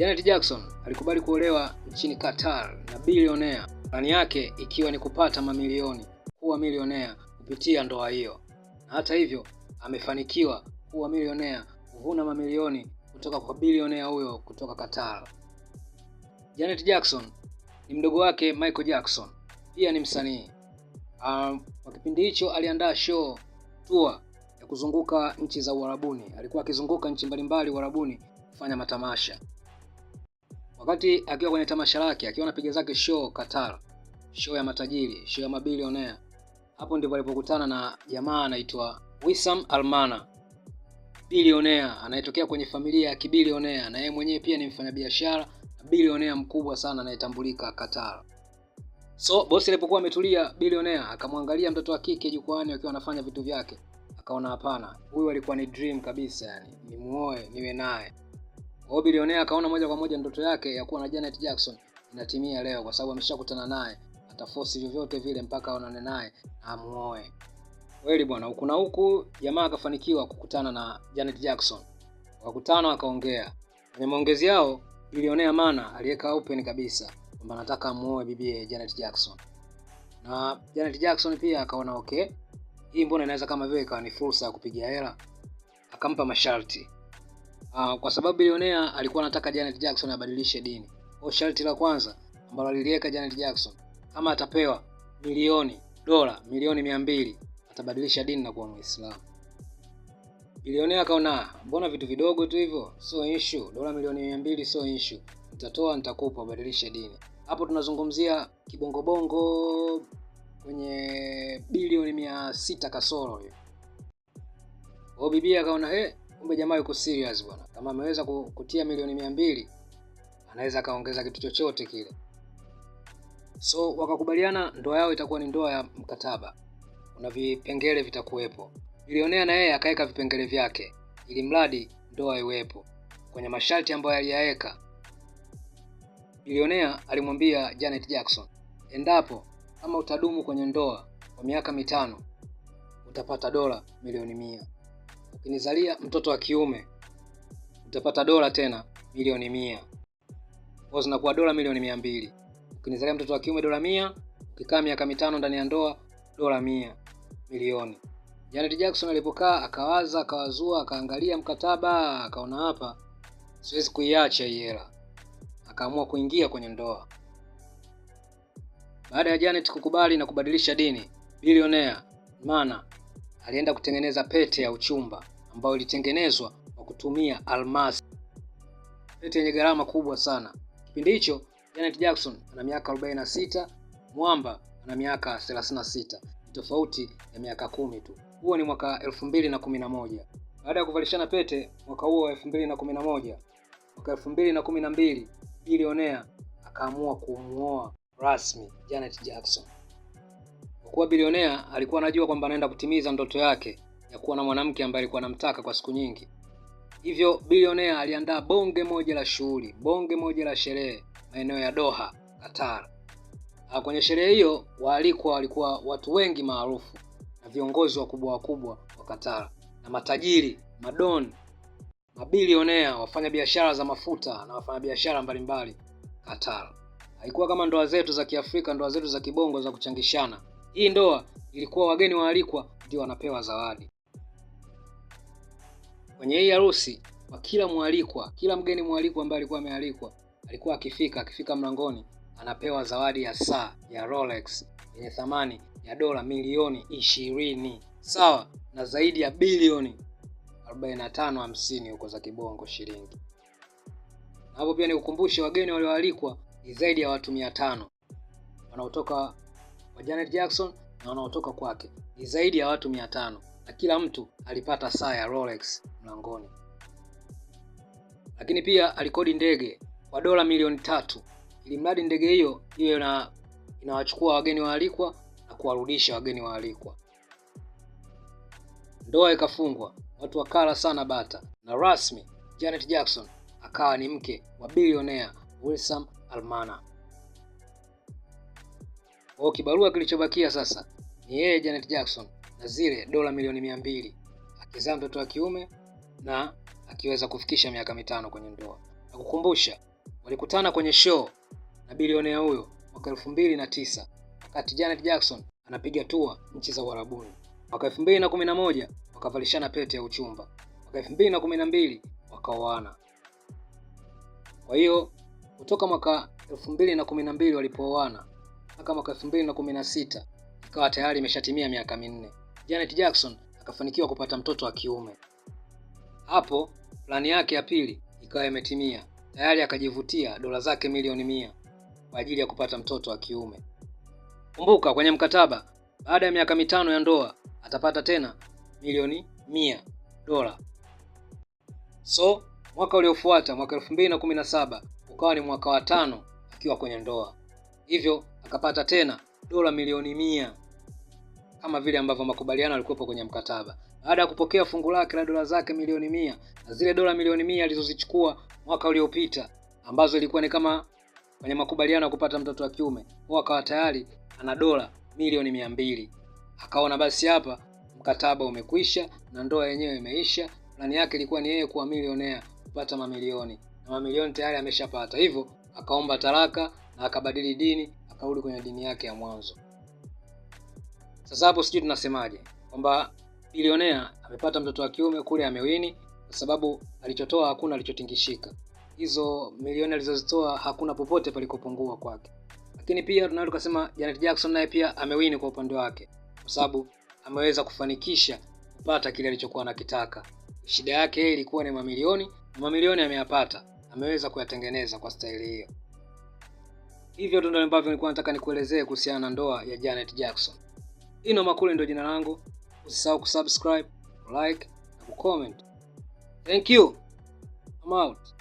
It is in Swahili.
Janet Jackson alikubali kuolewa nchini Qatar na bilionea, plani yake ikiwa ni kupata mamilioni, kuwa milionea kupitia ndoa hiyo. Na hata hivyo amefanikiwa kuwa milionea, kuvuna mamilioni kutoka kwa bilionea huyo kutoka Qatar. Janet Jackson ni mdogo wake Michael Jackson, pia ni msanii. Um, kwa kipindi hicho aliandaa show tour ya kuzunguka nchi za Uarabuni. Alikuwa akizunguka nchi mbalimbali Uarabuni kufanya matamasha. Wakati akiwa kwenye tamasha lake, akiwa anapiga zake show Qatar, show ya matajiri, show ya mabilionea, hapo ndipo alipokutana na jamaa anaitwa Wissam Almana, bilionea anayetokea kwenye familia ya kibilionea, na yeye mwenyewe pia ni mfanyabiashara bilionea mkubwa sana anayetambulika Qatar. So bosi alipokuwa ametulia, bilionea akamwangalia mtoto wa kike jukwani akiwa anafanya vitu vyake, akaona hapana, huyu alikuwa ni dream kabisa, yani nimuoe niwe naye. Kwa bilionea akaona moja kwa moja ndoto yake ya kuwa na Janet Jackson inatimia leo, kwa sababu ameshakutana naye, ataforce vyovyote vile mpaka aonane naye amuoe. Kweli bwana, huku na huku jamaa akafanikiwa kukutana na Janet Jackson, wakutana wakaongea. Kwenye maongezi yao bilionea Mana aliweka open kabisa kwamba anataka amuoe bibi Janet Jackson, na Janet Jackson pia akaona okay, hii mbona inaweza kama vile ikawa ni fursa ya kupiga hela, akampa masharti Ah, kwa sababu bilionea alikuwa anataka Janet Jackson abadilishe dini. Kwa sharti la kwanza ambalo aliliweka Janet Jackson, kama atapewa milioni dola milioni mia mbili atabadilisha dini na kuwa Muislamu. Bilionea akaona ah, mbona vitu vidogo tu hivyo, so issue. Dola milioni mia mbili so issue, nitatoa nitakupa, badilisha dini. Hapo tunazungumzia kibongobongo kwenye bilioni mia sita kasoro hiyo. Bibi akaona eh, Kumbe jamaa yuko serious bwana, kama ameweza kutia milioni mia mbili anaweza akaongeza kitu chochote kile. So wakakubaliana ndoa yao itakuwa ni ndoa ya mkataba, kuna vipengele vitakuwepo. Bilionea na yeye akaweka vipengele vyake, ili mradi ndoa iwepo kwenye masharti ambayo aliyaweka. Bilionea alimwambia Janet Jackson, endapo kama utadumu kwenye ndoa kwa miaka mitano utapata dola milioni mia. Ukinizalia mtoto wa kiume utapata dola tena milioni mia kwa zinakuwa dola milioni mia mbili. Ukinizalia mtoto wa kiume dola mia, ukikaa miaka mitano ndani ya ndoa dola mia milioni. Janet yaani Jackson alipokaa akawaza, akawazua, akaangalia mkataba, akaona hapa siwezi kuiacha hii hela, akaamua kuingia kwenye ndoa. Baada ya Janet kukubali na kubadilisha dini, bilionea Mana alienda kutengeneza pete ya uchumba ambayo ilitengenezwa kwa kutumia almasi, pete yenye gharama kubwa sana. Kipindi hicho Janet Jackson ana miaka 46, Mwamba ana miaka 36, tofauti ya miaka kumi tu. Huo ni mwaka 2011. Baada ya kuvalishana pete mwaka huo wa 2011, mwaka 2012 bilionea akaamua kumuoa rasmi Janet Jackson kuwa bilionea alikuwa anajua kwamba anaenda kutimiza ndoto yake ya kuwa na mwanamke ambaye alikuwa anamtaka kwa siku nyingi. Hivyo bilionea aliandaa bonge moja la shughuli, bonge moja la sherehe maeneo ya Doha, Qatar. Ah, kwenye sherehe hiyo waalikwa walikuwa watu wengi maarufu na viongozi wakubwa wakubwa wa Qatar na matajiri, madon, mabilionea, wafanya biashara za mafuta na wafanya biashara mbalimbali Qatar. Haikuwa kama ndoa zetu za Kiafrika, ndoa zetu za kibongo za kuchangishana. Hii ndoa ilikuwa wageni waalikwa ndio wanapewa zawadi. Kwenye hii harusi kwa kila mwalikwa, kila mgeni mwalikwa ambaye alikuwa amealikwa alikuwa akifika, akifika mlangoni anapewa zawadi ya saa ya Rolex yenye thamani ya dola milioni ishirini sawa na zaidi ya bilioni 45 huko za kibongo shilingi. Na hapo pia nikukumbushe, wageni walioalikwa ni zaidi ya watu mia tano wanaotoka wa Janet Jackson na wanaotoka kwake ni zaidi ya watu mia tano na kila mtu alipata saa ya Rolex mlangoni. Lakini pia alikodi ndege kwa dola milioni tatu ili mradi ndege hiyo iwe na inawachukua wageni waalikwa na kuwarudisha wageni waalikwa. Ndoa ikafungwa, watu wakala sana bata, na rasmi Janet Jackson akawa ni mke wa bilionea Wilson Almana. Kwa hiyo kibarua kilichobakia sasa ni yeye Janet Jackson na zile dola milioni mia mbili akizaa mtoto wa kiume na akiweza kufikisha miaka mitano kwenye ndoa. Na kukumbusha walikutana kwenye show na bilionea huyo mwaka elfu mbili na tisa wakati Janet Jackson anapiga tua nchi za Uarabuni. Mwaka elfu mbili na kumi na moja wakavalishana pete ya uchumba. Mwaka elfu mbili na kumi na mbili wakaoana. Kwa hiyo kutoka mwaka elfu mbili na kumi na mbili walipooana mwaka mwaka 2016 ikawa tayari imeshatimia miaka minne. Janet Jackson akafanikiwa kupata mtoto wa kiume. Hapo plani yake ya pili ikawa imetimia, tayari akajivutia dola zake milioni mia kwa ajili ya kupata mtoto wa kiume. Kumbuka kwenye mkataba, baada ya miaka mitano ya ndoa atapata tena milioni mia dola. So mwaka uliofuata, mwaka 2017 ukawa ni mwaka wa tano akiwa kwenye ndoa, hivyo akapata tena dola milioni mia kama vile ambavyo makubaliano yalikuwepo kwenye mkataba. Baada ya kupokea fungu lake la dola zake milioni mia na zile dola milioni mia alizozichukua mwaka uliopita ambazo ilikuwa ni kama kwenye makubaliano ya kupata mtoto wa kiume, huwa akawa tayari ana dola milioni mia mbili. Akaona basi hapa mkataba umekwisha na ndoa yenyewe imeisha. Plani yake ilikuwa ni yeye kuwa milionea kupata mamilioni na mamilioni tayari ameshapata, hivyo akaomba talaka na akabadili dini akarudi kwenye dini yake ya mwanzo. Sasa hapo sijui tunasemaje kwamba bilionea amepata mtoto wa kiume kule, amewini kwa sababu alichotoa hakuna alichotingishika. Hizo milioni alizozitoa hakuna popote palikopungua kwake. Lakini pia tunaweza tukasema Janet Jackson naye pia amewini kwa upande wake, kwa sababu ameweza kufanikisha kupata kile alichokuwa anakitaka. Shida yake ilikuwa ni mamilioni, mamilioni ameyapata, ameweza kuyatengeneza kwa staili hiyo. Hivyo tu ndio ambavyo nilikuwa nataka nikuelezee kuhusiana na ndoa ya Janet Jackson. Ino Makule ndio jina langu. Usisahau kusubscribe, like na kucomment. Thank you. I'm out.